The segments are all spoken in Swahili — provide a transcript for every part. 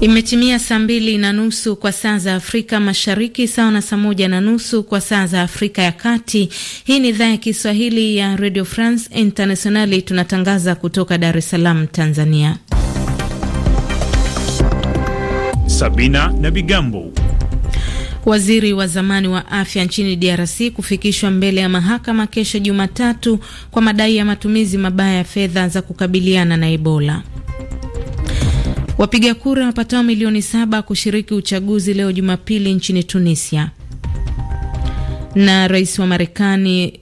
Imetimia saa mbili na nusu kwa saa za Afrika Mashariki, sawa na saa moja na nusu kwa saa za Afrika ya Kati. Hii ni idhaa ya Kiswahili ya Radio France Internationali, tunatangaza kutoka Dar es Salaam, Tanzania. Sabina na Bigambo. Waziri wa zamani wa afya nchini DRC kufikishwa mbele ya mahakama kesho Jumatatu kwa madai ya matumizi mabaya ya fedha za kukabiliana na Ebola. Wapiga kura wapatao milioni saba kushiriki uchaguzi leo Jumapili nchini Tunisia. Na rais wa Marekani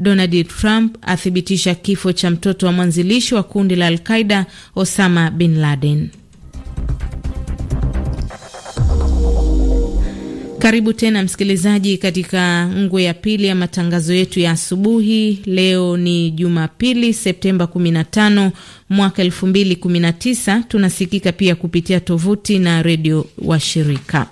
Donald Trump athibitisha kifo cha mtoto wa mwanzilishi wa kundi la Alqaida Osama bin Laden. Karibu tena msikilizaji, katika ngwe ya pili ya matangazo yetu ya asubuhi. Leo ni Jumapili, Septemba 15 mwaka 2019. Tunasikika pia kupitia tovuti na redio wa shirika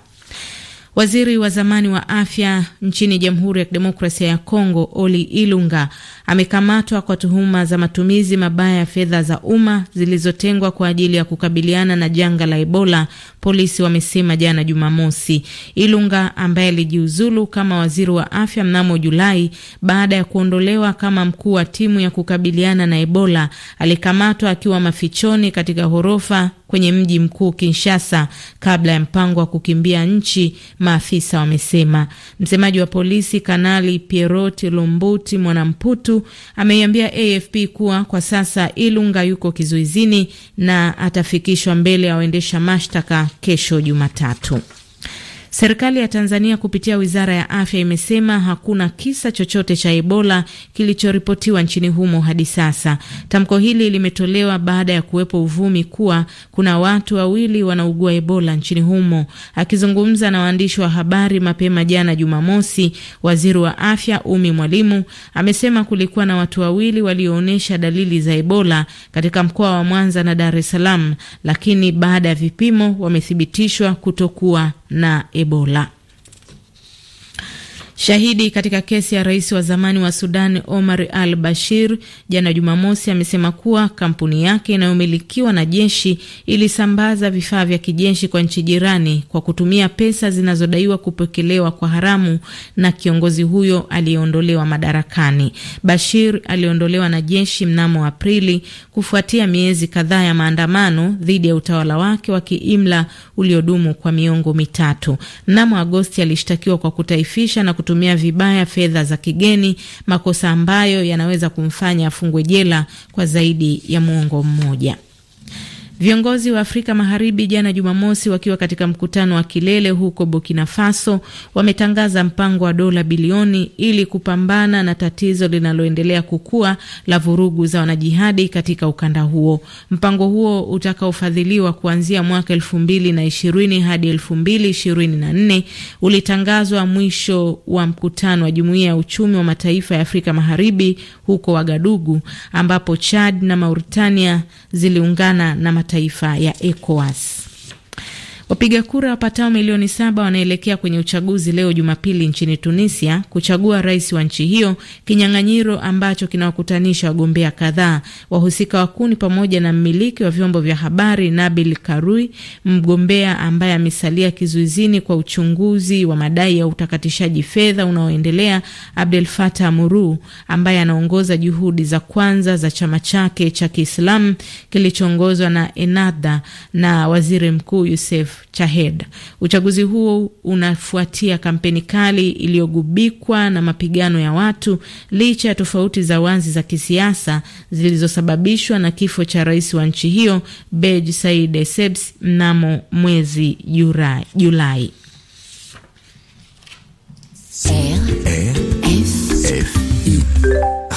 Waziri wa zamani wa afya nchini Jamhuri ya Kidemokrasia ya Kongo Oli Ilunga amekamatwa kwa tuhuma za matumizi mabaya ya fedha za umma zilizotengwa kwa ajili ya kukabiliana na janga la Ebola, polisi wamesema jana Jumamosi. Ilunga ambaye alijiuzulu kama waziri wa afya mnamo Julai baada ya kuondolewa kama mkuu wa timu ya kukabiliana na Ebola alikamatwa akiwa mafichoni katika ghorofa kwenye mji mkuu Kinshasa kabla ya mpango wa kukimbia nchi, maafisa wamesema. Msemaji wa polisi Kanali Pierrot Lombuti Mwanamputu ameiambia AFP kuwa kwa sasa Ilunga yuko kizuizini na atafikishwa mbele ya waendesha mashtaka kesho Jumatatu. Serikali ya Tanzania kupitia wizara ya afya imesema hakuna kisa chochote cha Ebola kilichoripotiwa nchini humo hadi sasa. Tamko hili limetolewa baada ya kuwepo uvumi kuwa kuna watu wawili wanaugua Ebola nchini humo. Akizungumza na waandishi wa habari mapema jana Jumamosi, waziri wa afya Umi Mwalimu amesema kulikuwa na watu wawili walioonyesha dalili za Ebola katika mkoa wa Mwanza na Dar es Salaam, lakini baada ya vipimo wamethibitishwa kutokuwa na Ebola. Shahidi katika kesi ya rais wa zamani wa Sudan Omar al Bashir jana Jumamosi amesema kuwa kampuni yake inayomilikiwa na jeshi ilisambaza vifaa vya kijeshi kwa nchi jirani kwa kutumia pesa zinazodaiwa kupokelewa kwa haramu na kiongozi huyo aliyeondolewa madarakani. Bashir aliondolewa na jeshi mnamo Aprili kufuatia miezi kadhaa ya maandamano dhidi ya utawala wake wa kiimla uliodumu kwa miongo mitatu. Mnamo Agosti alishtakiwa kwa kutaifisha na kutu kutumia vibaya fedha za kigeni, makosa ambayo yanaweza kumfanya afungwe jela kwa zaidi ya mwongo mmoja. Viongozi wa Afrika Magharibi jana Jumamosi, wakiwa katika mkutano wa kilele huko Burkina Faso, wametangaza mpango wa dola bilioni ili kupambana na tatizo linaloendelea kukua la vurugu za wanajihadi katika ukanda huo. Mpango huo utakaofadhiliwa kuanzia mwaka elfu mbili na ishirini hadi elfu mbili ishirini na nne ulitangazwa mwisho wa mkutano wa Jumuiya ya Uchumi wa Mataifa ya Afrika Magharibi huko Wagadugu, ambapo Chad na Mauritania ziliungana na mataifa ya ECOWAS. Wapiga kura wapatao milioni saba wanaelekea kwenye uchaguzi leo Jumapili nchini Tunisia kuchagua rais wa nchi hiyo, kinyang'anyiro ambacho kinawakutanisha wagombea kadhaa. Wahusika wakuu ni pamoja na mmiliki wa vyombo vya habari Nabil Karui, mgombea ambaye amesalia kizuizini kwa uchunguzi wa madai ya utakatishaji fedha unaoendelea, Abdel fatah Muru ambaye anaongoza juhudi za kwanza za chama chake cha Kiislamu kilichoongozwa na Ennahda na waziri mkuu Youssef cha HED. Uchaguzi huo unafuatia kampeni kali iliyogubikwa na mapigano ya watu licha ya tofauti za wazi za kisiasa zilizosababishwa na kifo cha rais wa nchi hiyo Bej Said Essebsi mnamo mwezi Julai,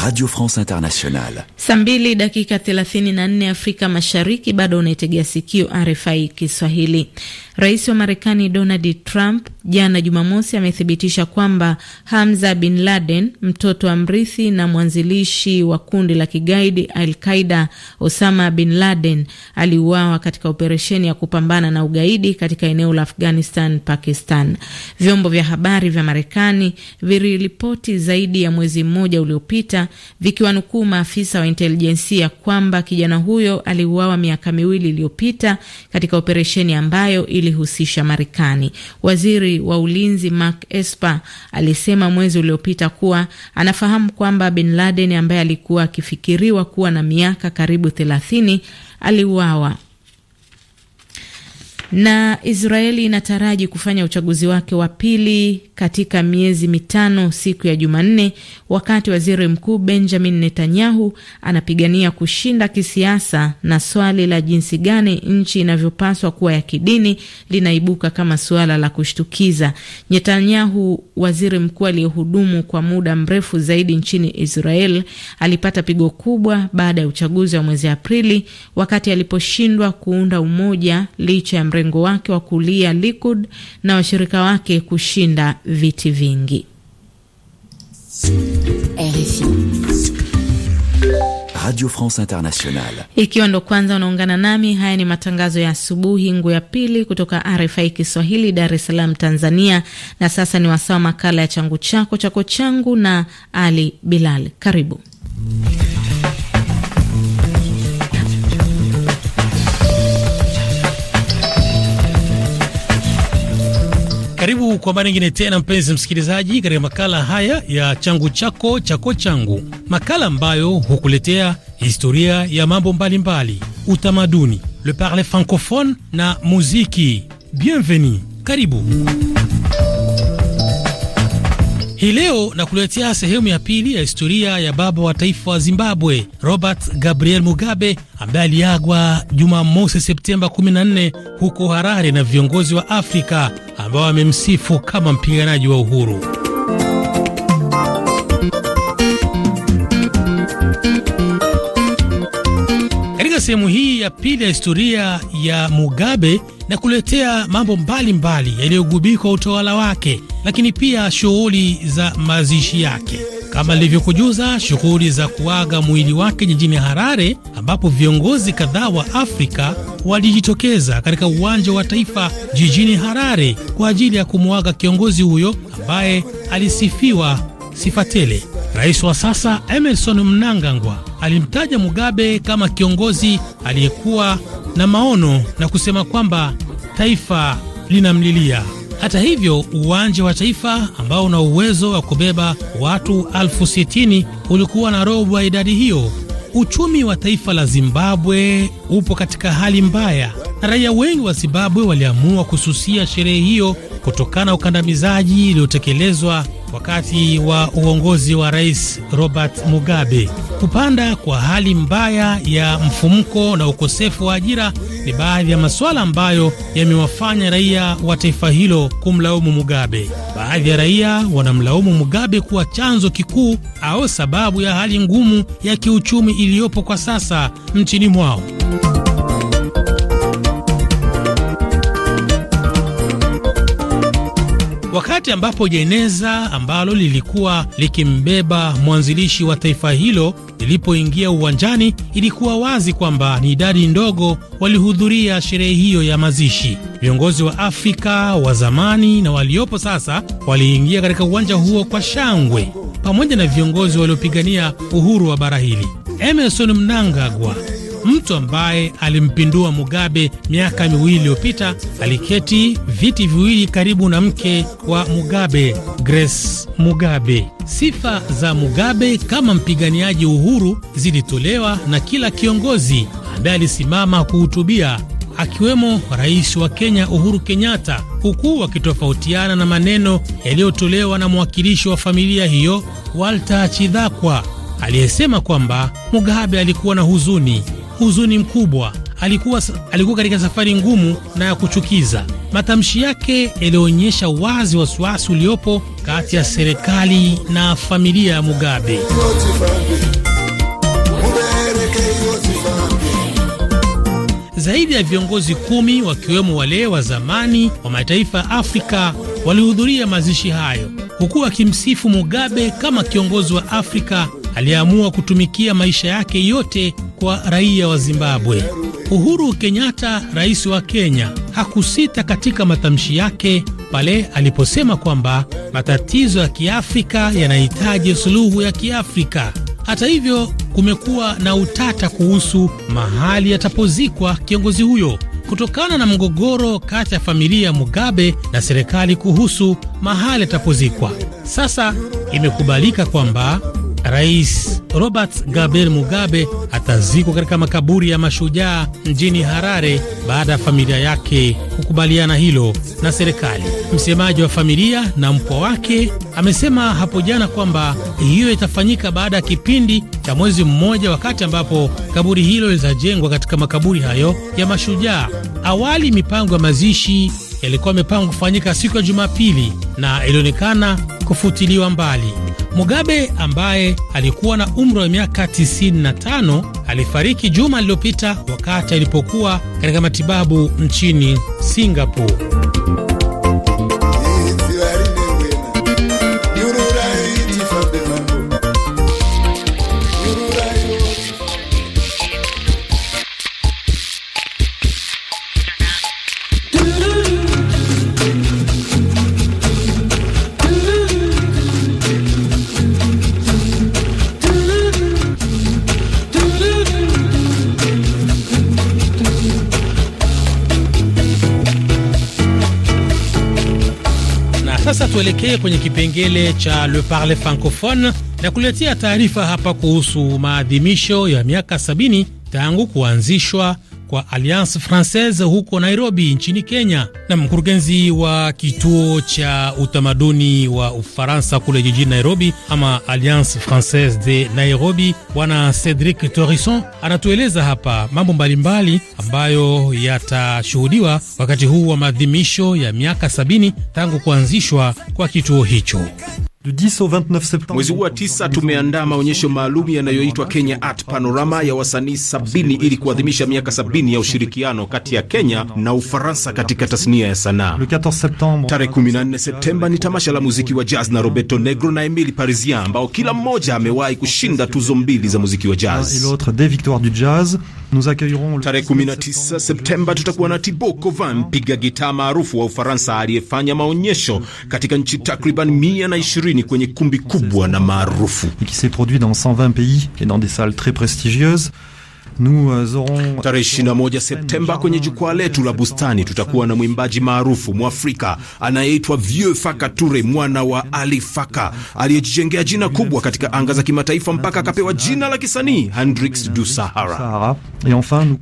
Radio France Internationale. Saa mbili dakika 34 Afrika Mashariki, bado unaitegea sikio RFI Kiswahili. Rais wa Marekani Donald Trump jana Jumamosi amethibitisha kwamba Hamza bin Laden, mtoto wa mrithi na mwanzilishi wa kundi la kigaidi Al Qaida Osama bin Laden, aliuawa katika operesheni ya kupambana na ugaidi katika eneo la Afghanistan, Pakistan. Vyombo vya habari vya Marekani viliripoti zaidi ya mwezi mmoja uliopita vikiwanukuu maafisa wa intelijensia kwamba kijana huyo aliuawa miaka miwili iliyopita katika operesheni ambayo ilihusisha Marekani. Waziri wa ulinzi Mark Esper alisema mwezi uliopita kuwa anafahamu kwamba Bin Laden ambaye alikuwa akifikiriwa kuwa na miaka karibu thelathini aliuawa na Israeli inataraji kufanya uchaguzi wake wa pili katika miezi mitano siku ya Jumanne, wakati waziri mkuu Benjamin Netanyahu anapigania kushinda kisiasa, na swali la jinsi gani nchi inavyopaswa kuwa ya kidini linaibuka kama suala la kushtukiza. Netanyahu, waziri mkuu aliyehudumu kwa muda mrefu zaidi nchini Israel, alipata pigo kubwa baada ya uchaguzi wa mwezi Aprili, wakati aliposhindwa kuunda umoja licha ya mrengo wake wa kulia Likud na washirika wake kushinda viti vingi. Radio France Internationale. Ikiwa ndo kwanza unaungana nami, haya ni matangazo ya asubuhi ngu ya pili kutoka RFI Kiswahili, Dar es Salaam, Tanzania. Na sasa ni wasawa makala ya changu chako chako changu na Ali Bilal. Karibu. Karibu kwa mara nyingine tena, mpenzi msikilizaji, katika makala haya ya changu chako chako changu, makala ambayo hukuletea historia ya mambo mbalimbali, utamaduni, le parle francophone na muziki. Bienvenue, karibu. Hii leo nakuletea sehemu ya pili ya historia ya baba wa taifa wa Zimbabwe Robert Gabriel Mugabe ambaye aliagwa Jumamosi Septemba 14 huko Harare na viongozi wa Afrika ambao wamemsifu kama mpiganaji wa uhuru. Katika sehemu hii ya pili ya historia ya Mugabe na kuletea mambo mbalimbali yaliyogubikwa utawala wake, lakini pia shughuli za mazishi yake kama ilivyokujuza shughuli za kuaga mwili wake jijini Harare, ambapo viongozi kadhaa wa Afrika walijitokeza katika uwanja wa taifa jijini Harare kwa ajili ya kumwaga kiongozi huyo ambaye alisifiwa sifa tele. Rais wa sasa Emerson Mnangagwa alimtaja Mugabe kama kiongozi aliyekuwa na maono na kusema kwamba taifa linamlilia. Hata hivyo, uwanja wa taifa ambao una uwezo wa kubeba watu elfu sitini ulikuwa na robo ya idadi hiyo. Uchumi wa taifa la Zimbabwe upo katika hali mbaya, na raia wengi wa Zimbabwe waliamua kususia sherehe hiyo kutokana na ukandamizaji uliotekelezwa wakati wa uongozi wa Rais Robert Mugabe. Kupanda kwa hali mbaya ya mfumuko na ukosefu wa ajira ni baadhi ya masuala ambayo yamewafanya raia wa taifa hilo kumlaumu Mugabe. Baadhi ya raia wanamlaumu Mugabe kuwa chanzo kikuu au sababu ya hali ngumu ya kiuchumi iliyopo kwa sasa nchini mwao. wakati ambapo jeneza ambalo lilikuwa likimbeba mwanzilishi wa taifa hilo lilipoingia uwanjani, ilikuwa wazi kwamba ni idadi ndogo walihudhuria sherehe hiyo ya mazishi. Viongozi wa Afrika wa zamani na waliopo sasa waliingia katika uwanja huo kwa shangwe, pamoja na viongozi waliopigania uhuru wa bara hili. Emerson Mnangagwa Mtu ambaye alimpindua Mugabe miaka miwili iliyopita aliketi viti viwili karibu na mke wa Mugabe, Grace Mugabe. Sifa za Mugabe kama mpiganiaji uhuru zilitolewa na kila kiongozi ambaye alisimama kuhutubia akiwemo rais wa Kenya Uhuru Kenyatta, huku wakitofautiana na maneno yaliyotolewa na mwakilishi wa familia hiyo Walter Chidhakwa aliyesema kwamba Mugabe alikuwa na huzuni huzuni mkubwa. Alikuwa, alikuwa katika safari ngumu na ya kuchukiza. Matamshi yake yalionyesha wazi wasiwasi uliopo kati ya serikali na familia ya Mugabe. Zaidi ya viongozi kumi wakiwemo wale wa zamani wa mataifa ya Afrika walihudhuria mazishi hayo, huku akimsifu Mugabe kama kiongozi wa Afrika aliyeamua kutumikia maisha yake yote kwa raia wa Zimbabwe. Uhuru Kenyatta, rais wa Kenya, hakusita katika matamshi yake pale aliposema kwamba matatizo ya Kiafrika yanahitaji suluhu ya Kiafrika. Hata hivyo, kumekuwa na utata kuhusu mahali atapozikwa kiongozi huyo kutokana na mgogoro kati ya familia ya Mugabe na serikali kuhusu mahali atapozikwa. Sasa imekubalika kwamba Rais Robert Gabriel Mugabe atazikwa katika makaburi ya mashujaa mjini Harare baada ya familia yake kukubaliana hilo na serikali. Msemaji wa familia na mpwa wake amesema hapo jana kwamba hiyo itafanyika baada ya kipindi cha mwezi mmoja, wakati ambapo kaburi hilo litajengwa katika makaburi hayo ya mashujaa. Awali mipango ya mazishi yalikuwa imepangwa kufanyika siku ya Jumapili na ilionekana kufutiliwa mbali. Mugabe ambaye alikuwa na umri wa miaka 95 alifariki juma lililopita wakati alipokuwa katika matibabu nchini Singapore. Sasa tuelekee kwenye kipengele cha Le Parle Francophone na kuletea taarifa hapa kuhusu maadhimisho ya miaka 70 tangu kuanzishwa kwa Alliance Francaise huko Nairobi nchini Kenya. Na mkurugenzi wa kituo cha utamaduni wa Ufaransa kule jijini Nairobi ama Alliance Francaise de Nairobi, Bwana Cedric Torisson anatueleza hapa mambo mbalimbali ambayo yatashuhudiwa wakati huu wa maadhimisho ya miaka sabini tangu kuanzishwa kwa kituo hicho. Mwezi huu wa tisa tumeandaa maonyesho maalum yanayoitwa Kenya Art Panorama ya wasanii sabini ili kuadhimisha miaka sabini ya ushirikiano kati ya Kenya na Ufaransa katika tasnia ya sanaa. Tarehe 14 Septemba ni tamasha la muziki wa jazz na Roberto Negro na Emili Parisien ambao kila mmoja amewahi kushinda tuzo mbili za muziki wa jazz. Ah, Tarehe 19 Septemba tutakuwa na tibo Covin, mpiga gitaa maarufu wa Ufaransa aliyefanya maonyesho katika nchi takriban ishirini ni s'est produit dans 120 pays et dans des salles très prestigieuses Euh, tarehe 21 Septemba kwenye jukwaa letu la Bustani tutakuwa na mwimbaji maarufu Mwafrika anayeitwa Vieux Faka Ture, mwana wa Ali Faka aliyejijengea jina kubwa katika anga za kimataifa mpaka akapewa jina la kisanii Hendrix du Sahara.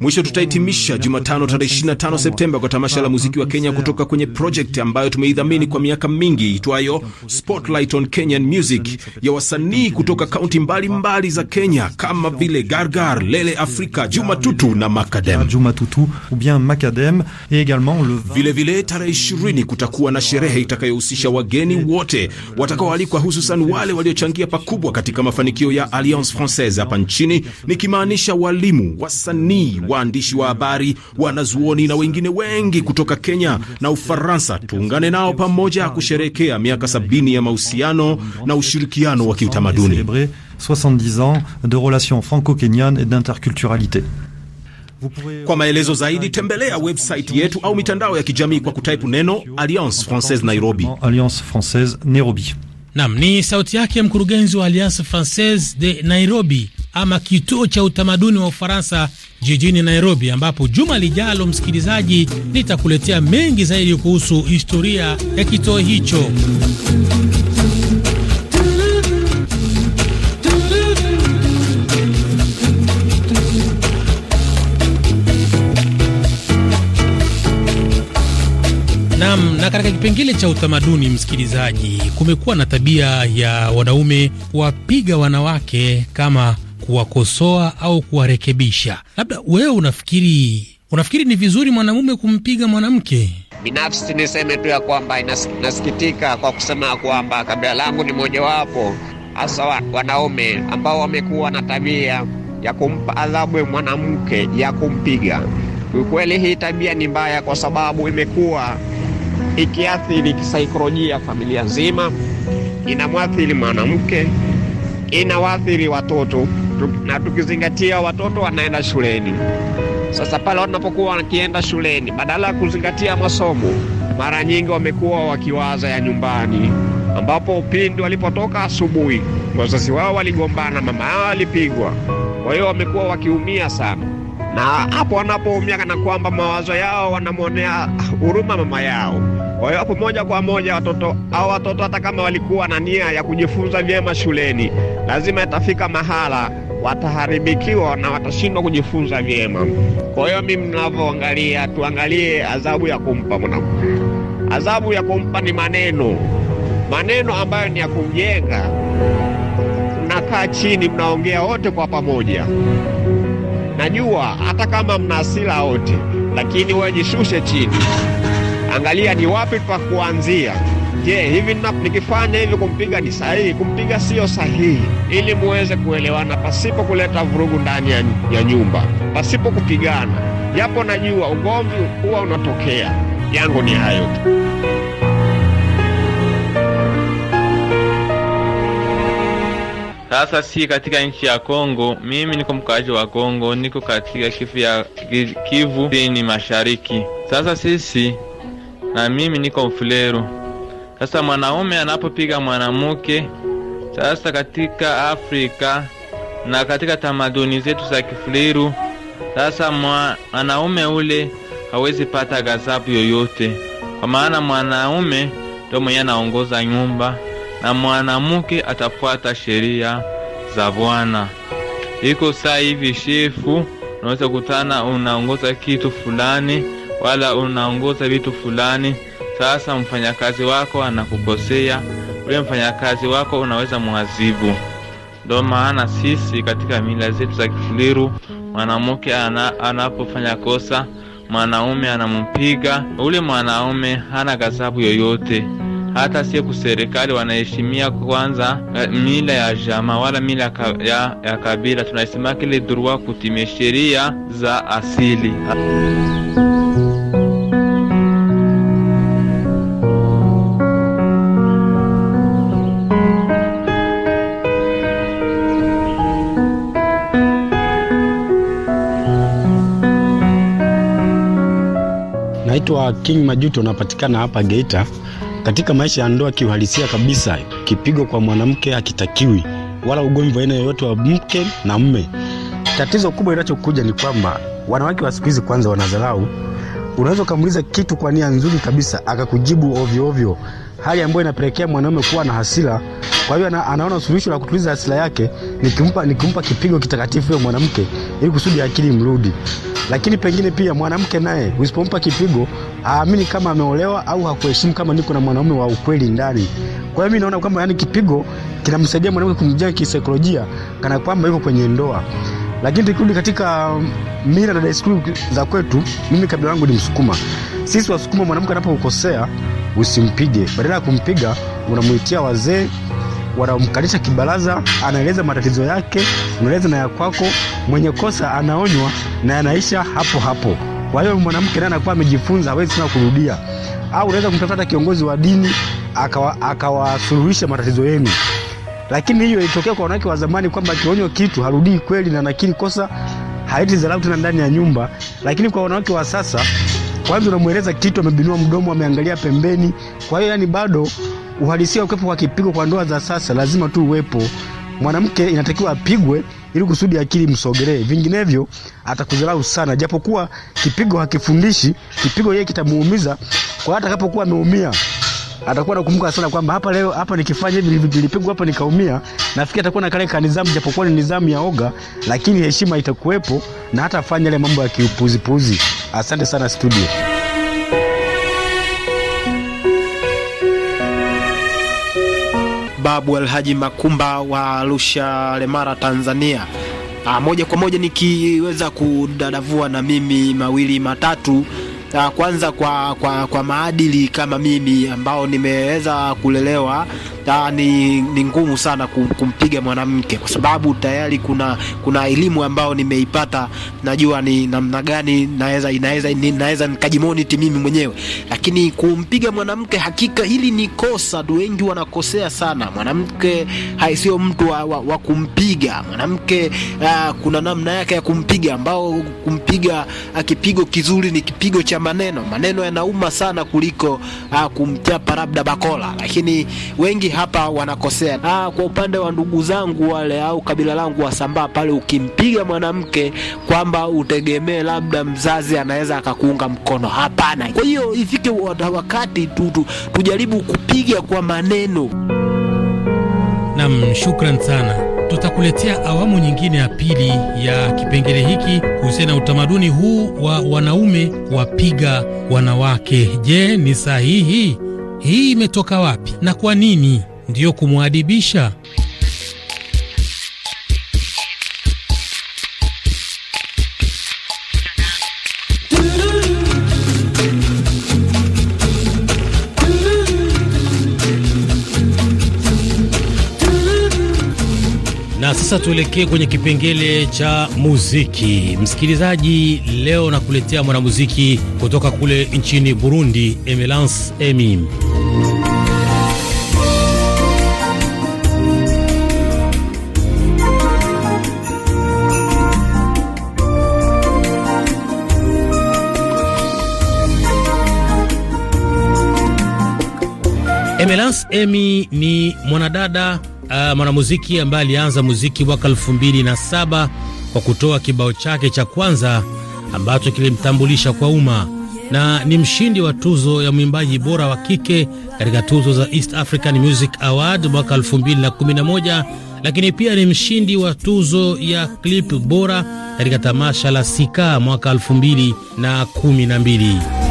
Mwisho tutahitimisha Jumatano tarehe 25 Septemba kwa tamasha la muziki wa Kenya kutoka kwenye project ambayo tumeidhamini kwa miaka mingi itwayo Spotlight on Kenyan Music ya wasanii kutoka kaunti mbalimbali za Kenya kama vile Gargar, Lele Afrika Afrika Jumatutu na Makadem. Ah, Jumatutu ou bien Makadem et également le vilevile, tarehe ishirini kutakuwa na sherehe itakayohusisha wageni wote watakaoalikwa, hususan wale waliochangia pakubwa katika mafanikio ya Alliance Francaise hapa nchini, nikimaanisha walimu, wasanii, waandishi wa habari, wanazuoni na wengine wengi kutoka Kenya na Ufaransa. Tuungane nao pamoja kusherehekea miaka sabini ya mahusiano na ushirikiano wa kiutamaduni. 70 ans de relations franco-kenyanes et d'interculturalité. Kwa maelezo zaidi tembelea website yetu au mitandao ya kijamii kwa kutaipu neno Alliance Francaise Nairobi. Alliance Francaise Nairobi. Naam, ni sauti yake mkurugenzi wa Alliance Francaise de Nairobi ama kituo cha utamaduni wa Ufaransa jijini Nairobi, ambapo juma lijalo, msikilizaji, nitakuletea mengi zaidi kuhusu historia ya kituo hicho. Nam. Na katika kipengele cha utamaduni, msikilizaji, kumekuwa na tabia ya wanaume kuwapiga wanawake kama kuwakosoa au kuwarekebisha. Labda wewe unafikiri unafikiri ni vizuri mwanamume kumpiga mwanamke? Binafsi niseme tu ya kwamba inasikitika kwa kusema kwamba kabila langu ni mojawapo hasa wanaume ambao wamekuwa na tabia ya kumpa adhabu mwanamke ya kumpiga. Ukweli hii tabia ni mbaya, kwa sababu imekuwa ikiathiri kisaikolojia familia nzima, inamwathiri mwanamke, inawaathiri watoto, na tukizingatia watoto wanaenda shuleni. Sasa pale wanapokuwa wakienda shuleni, badala ya kuzingatia masomo, mara nyingi wamekuwa wakiwaza ya nyumbani, ambapo pindi walipotoka asubuhi wazazi wao waligombana, mama yao alipigwa, kwa hiyo wamekuwa wakiumia sana na hapo wanapoumia, na kwamba mawazo yao wanamwonea huruma mama yao. Kwa hiyo hapo moja kwa moja watoto au watoto, hata kama walikuwa na nia ya kujifunza vyema shuleni, lazima itafika mahala wataharibikiwa na watashindwa kujifunza vyema. Kwa hiyo mimi, ninavyoangalia, tuangalie adhabu ya kumpa mwanamke. Adhabu ya kumpa ni maneno, maneno ambayo ni ya kumjenga. Mnakaa chini, mnaongea wote kwa pamoja Najua hata kama mna hasira wote, lakini wewe jishushe chini, angalia ni wapi pa kuanzia. Je, hivi nikifanya hivi kumpiga ni sahihi? Kumpiga siyo sahihi? Ili muweze kuelewana pasipo kuleta vurugu ndani ya nyumba, pasipo kupigana, japo najua ugomvi huwa unatokea. Yangu ni hayo tu. Sasa si katika nchi ya Kongo, mimi niko mkaaji wa Kongo, niko katika Kivu ya Kivu ni mashariki. Sasa sisi na mimi niko Mfuleru. Sasa mwanaume anapopiga mwanamke, sasa katika Afrika na katika tamaduni zetu za Kifuleru, sasa mwanaume ule hawezi pata ghadhabu yoyote, kwa maana mwanaume ndio mwenye anaongoza nyumba na mwanamke atafuata sheria za Bwana. Iko saa hivi shefu, unaweza kutana unaongoza kitu fulani, wala unaongoza vitu fulani. Sasa mfanyakazi wako anakukosea, ule mfanyakazi wako unaweza mwazibu. Ndio maana sisi katika mila zetu za Kifuliru, mwanamke ana, anapofanya kosa, mwanaume anampiga. Ule mwanaume hana ghadhabu yoyote hata siku serikali wanaheshimia kwanza eh, mila ya jama wala mila ya, ya kabila. Tunasema kile durua kutimia sheria za asili. Naitwa King Majuto, napatikana hapa Geita. Katika maisha ya ndoa kiuhalisia kabisa, kipigo kwa mwanamke hakitakiwi, wala ugomvi wa aina yoyote wa mke na mme. Tatizo kubwa linachokuja ni kwamba wanawake wa siku hizi kwanza wanadharau. Unaweza ukamuuliza kitu kwa nia nzuri kabisa akakujibu ovyo ovyo, hali ambayo inapelekea mwanaume kuwa na hasira. Kwa hiyo anaona suluhisho la kutuliza hasira yake nikimpa nikimpa kipigo kitakatifu huyo mwanamke ili kusudi akili mrudi. Lakini pengine pia mwanamke naye usipompa kipigo haamini ah, kama ameolewa au hakuheshimu kama niko na mwanaume wa ukweli ndani. Kwa hiyo mimi naona kwamba yani kipigo kinamsaidia mwanamke kumjenga kisaikolojia kana kwamba yuko kwenye ndoa. Lakini tukirudi katika um, mila na desturi za kwetu, mimi kabila langu ni Msukuma. Sisi Wasukuma, mwanamke anapokosea usimpige, badala ya kumpiga unamuitia wazee wanamkalisha kibaraza, anaeleza matatizo yake, unaeleza na ya kwako. Mwenye kosa anaonywa na anaisha hapo hapo. Kwa hiyo mwanamke naye anakuwa amejifunza, hawezi tena kurudia. Au unaweza kumtafuta kiongozi wa dini akawasuluhisha akawa matatizo yenu. Lakini hiyo ilitokea kwa wanawake wa zamani kwamba akionywa kitu harudii kweli na nakili kosa haiti dharau tena ndani ya nyumba. Lakini kwa wanawake wa sasa, kwanza unamweleza kitu, amebinua mdomo, ameangalia pembeni. Kwa hiyo yani bado uhalisia ukwepo kwa kipigo kwa ndoa za sasa lazima tu uwepo. Mwanamke inatakiwa apigwe ili kusudi akili msogelee, vinginevyo atakudharau sana. Japokuwa kipigo hakifundishi, kipigo yeye kitamuumiza, kwa hata atakapokuwa ameumia atakuwa nakumbuka sana kwamba hapa leo hapa nikifanya hivi nilipigwa hapa nikaumia. Nafikiri atakuwa na kale ka nidhamu, japokuwa ni nidhamu ya oga, lakini heshima itakuwepo na hata fanya yale mambo ya kiupuzipuzi. Asante sana studio. Babu Alhaji Makumba wa Arusha, Lemara, Tanzania. Aa, ah, moja kwa moja nikiweza kudadavua na mimi mawili matatu. Aa, ah, kwanza kwa, kwa, kwa maadili kama mimi ambao nimeweza kulelewa na, ni, ni ngumu sana kumpiga mwanamke kwa sababu tayari kuna kuna elimu ambayo nimeipata, najua ni namna gani naweza inaweza naweza nikajimoniti mimi mwenyewe, lakini kumpiga mwanamke, hakika hili ni kosa. Wengi wanakosea sana. Mwanamke haisiyo mtu wa, wa, wa kumpiga mwanamke. Uh, kuna namna yake ya kumpiga ambao kumpiga ah, kipigo kizuri ni kipigo cha maneno. Maneno yanauma sana kuliko uh, kumchapa labda bakola, lakini wengi hapa wanakosea. Ah, kwa upande wa ndugu zangu wale au kabila langu Wasambaa pale, ukimpiga mwanamke kwamba utegemee labda mzazi anaweza akakuunga mkono, hapana. Kwa hiyo ifike wakati tu tujaribu kupiga kwa maneno. Nam, shukran sana. Tutakuletea awamu nyingine ya pili ya kipengele hiki kuhusiana na utamaduni huu wa wanaume wapiga wanawake. Je, ni sahihi? Hii imetoka wapi na kwa nini ndiyo kumwadibisha? Na sasa tuelekee kwenye kipengele cha muziki. Msikilizaji, leo nakuletea mwanamuziki kutoka kule nchini Burundi, Emelance Emi. Emelance Emi ni mwanadada uh, mwanamuziki ambaye alianza muziki mwaka elfu mbili na saba kwa kutoa kibao chake cha kwanza ambacho kilimtambulisha kwa umma na ni mshindi wa tuzo ya mwimbaji bora wa kike katika tuzo za East African Music Award mwaka 2011, lakini pia ni mshindi wa tuzo ya clip bora katika tamasha la Sika mwaka 2012.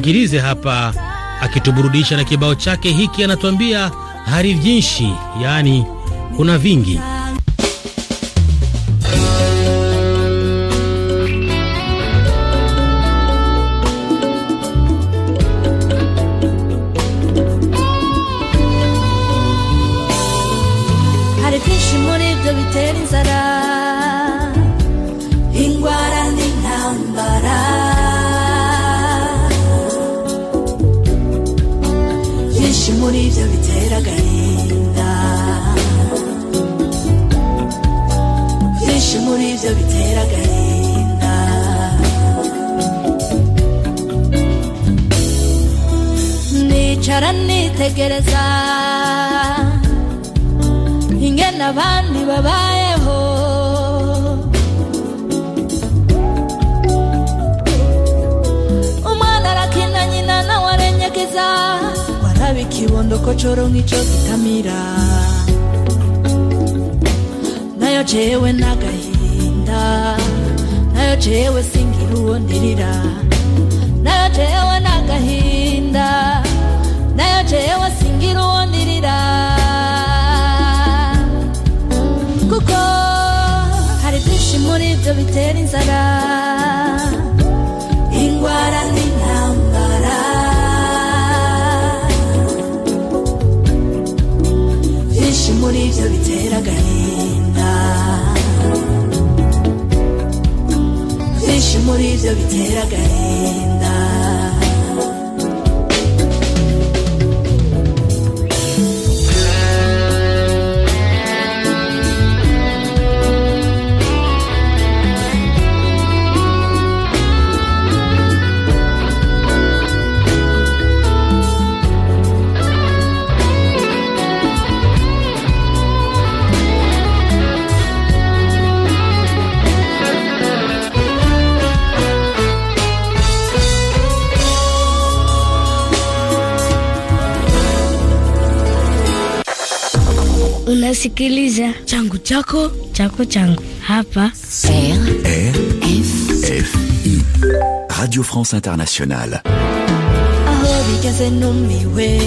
Tumsikilize hapa akituburudisha na kibao chake hiki, anatuambia hari yaani kuna vingi byo bitera agahinda nicara nitegereza ingene abandi babayeho umwana arakina nyina nawe arenyegeza waraba ikibondo ko coro nk'ico gitamira nayo jewe n'agahinda nayo jewe singiruwonderera nayo jewe n'agahinda nayo jewe singiruwonderera kuko hari byinshi muri ibyo bitera inzara indwara n'intambara byinshi muri ibyo bitera agahinda byinshi muri byo bitera agahinda Unasikiliza changu chako chako changu hapa RFI Radio France Internationale. aho bigeze numiwe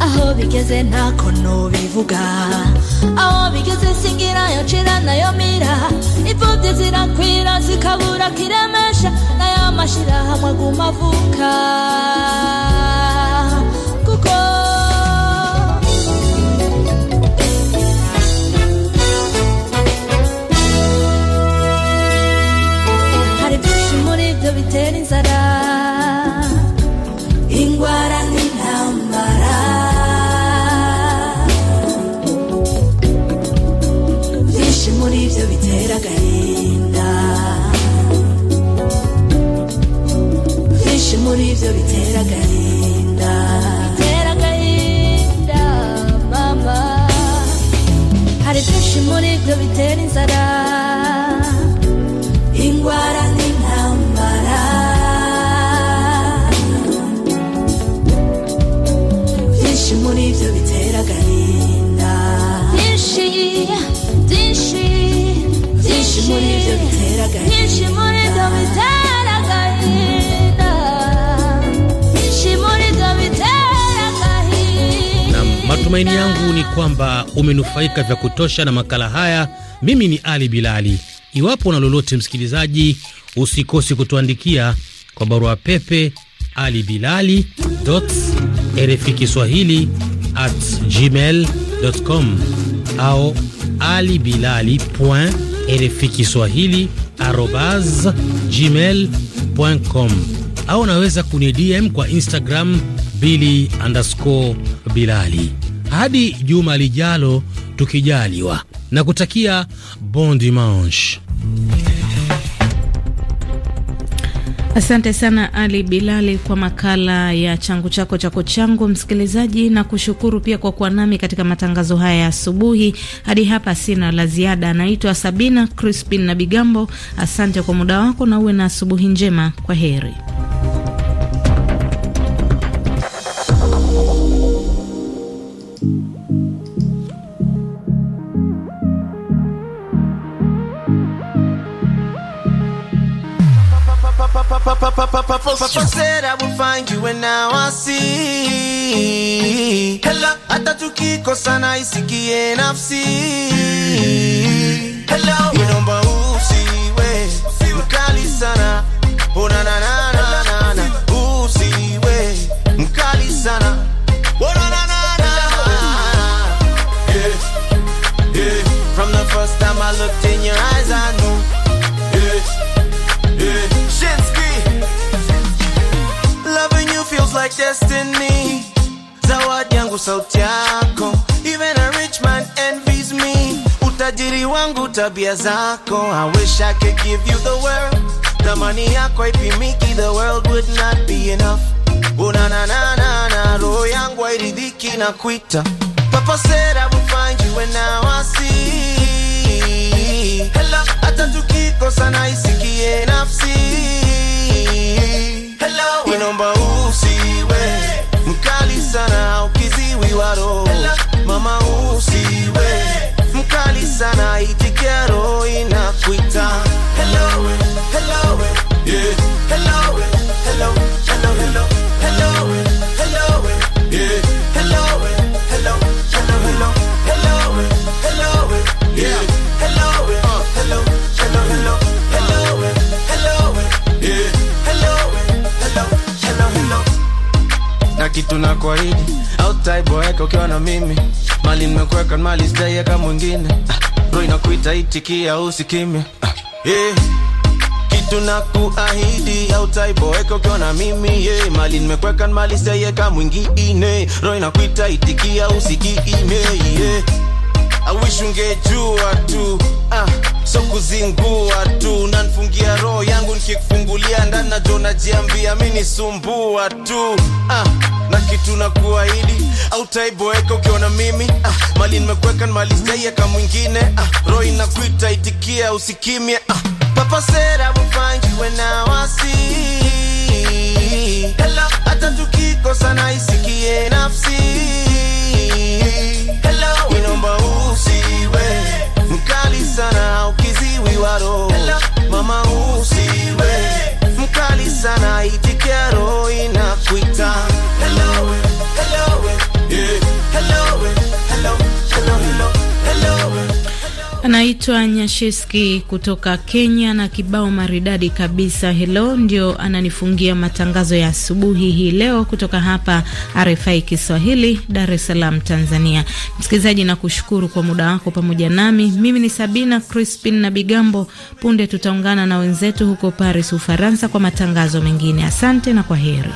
aho bigeze ntako nubivuga aho bigeze singira yocira nayo mira ipfubyi zirakwira zikabura kiremesha nayo mashirahamwe agumavuka bitera inzara indwara n'intambara byinshi muri ibyo bitera agahinda byinshi muri ibyo bitera agahinda bitera agahinda mama hari byinshi muri ibyo bitera inzara indwara matumaini yangu ni kwamba umenufaika vya kutosha na makala haya. Mimi ni Ali Bilali. Iwapo na lolote, msikilizaji, usikosi kutuandikia kwa barua pepe ali bilali rfi kiswahili at gmail.com au alibilali rfi kiswahili arobas gmail.com au unaweza kunidm kwa Instagram bili underscore bilali. Hadi juma lijalo tukijaliwa, na kutakia bon dimanche. Asante sana Ali Bilali kwa makala ya changu chako chako changu. Msikilizaji, na kushukuru pia kwa kuwa nami katika matangazo haya ya asubuhi. Hadi hapa sina la ziada. anaitwa Sabina Crispin na Bigambo. Asante kwa muda wako na uwe na asubuhi njema. Kwa heri. post Papa said I would find you and now I see Hela hata tukikosana isikie nafsi Hello Minomba usiwe mkali sana Ona oh, na na na na na usiwe mkali sana Ona oh, na na na na Yeah, yeah From the first time I looked in your eyes destiny, zawadi yangu sauti yako. Even a rich man envies me, utajiri wangu tabia zako. I wish I could give you the world, thamani yako ipimiki, the world would not be enough. Unananana, oh, roho yangu hairidhiki na kuita. Papa said I would find you and now I see. Hello, hata tukikosana isikie nafsi hello, inomba usiwe mkali sana, ukiziwi waro mama mkali sana, inakuita hello, hello, yeah. hello, hello, hello, hello, hello. ukiwa na mimi mali nimekuweka mali sijaia ah, ah, eh. kama eh. mwingine bro inakuita itikia usikimya yeah. kitu na kuahidi autaiboeka ukiwa na mimi yeah. mali nimekuweka mali sijaia kama mwingine bro inakuita itikia usikimye yeah. wish ungejua tu ah so kuzingua tu nanfungia roho yangu nikikufungulia ndani najo najiambia mi ni sumbua tu ah, na kitu na kuahidi au taiboeka ukiona mimi ah, mali nimekweka nimalizaiyaka mwingine ah, roho inakuita itikia usikimia ah, papa said I find you anaitwa Nyashiski kutoka Kenya na kibao maridadi kabisa Hello ndio ananifungia matangazo ya asubuhi hii leo kutoka hapa RFI Kiswahili, Dar es Salaam, Tanzania. Msikilizaji, nakushukuru kwa muda wako pamoja nami. Mimi ni Sabina Crispin na Bigambo. Punde tutaungana na wenzetu huko Paris, Ufaransa, kwa matangazo mengine. Asante na kwa heri.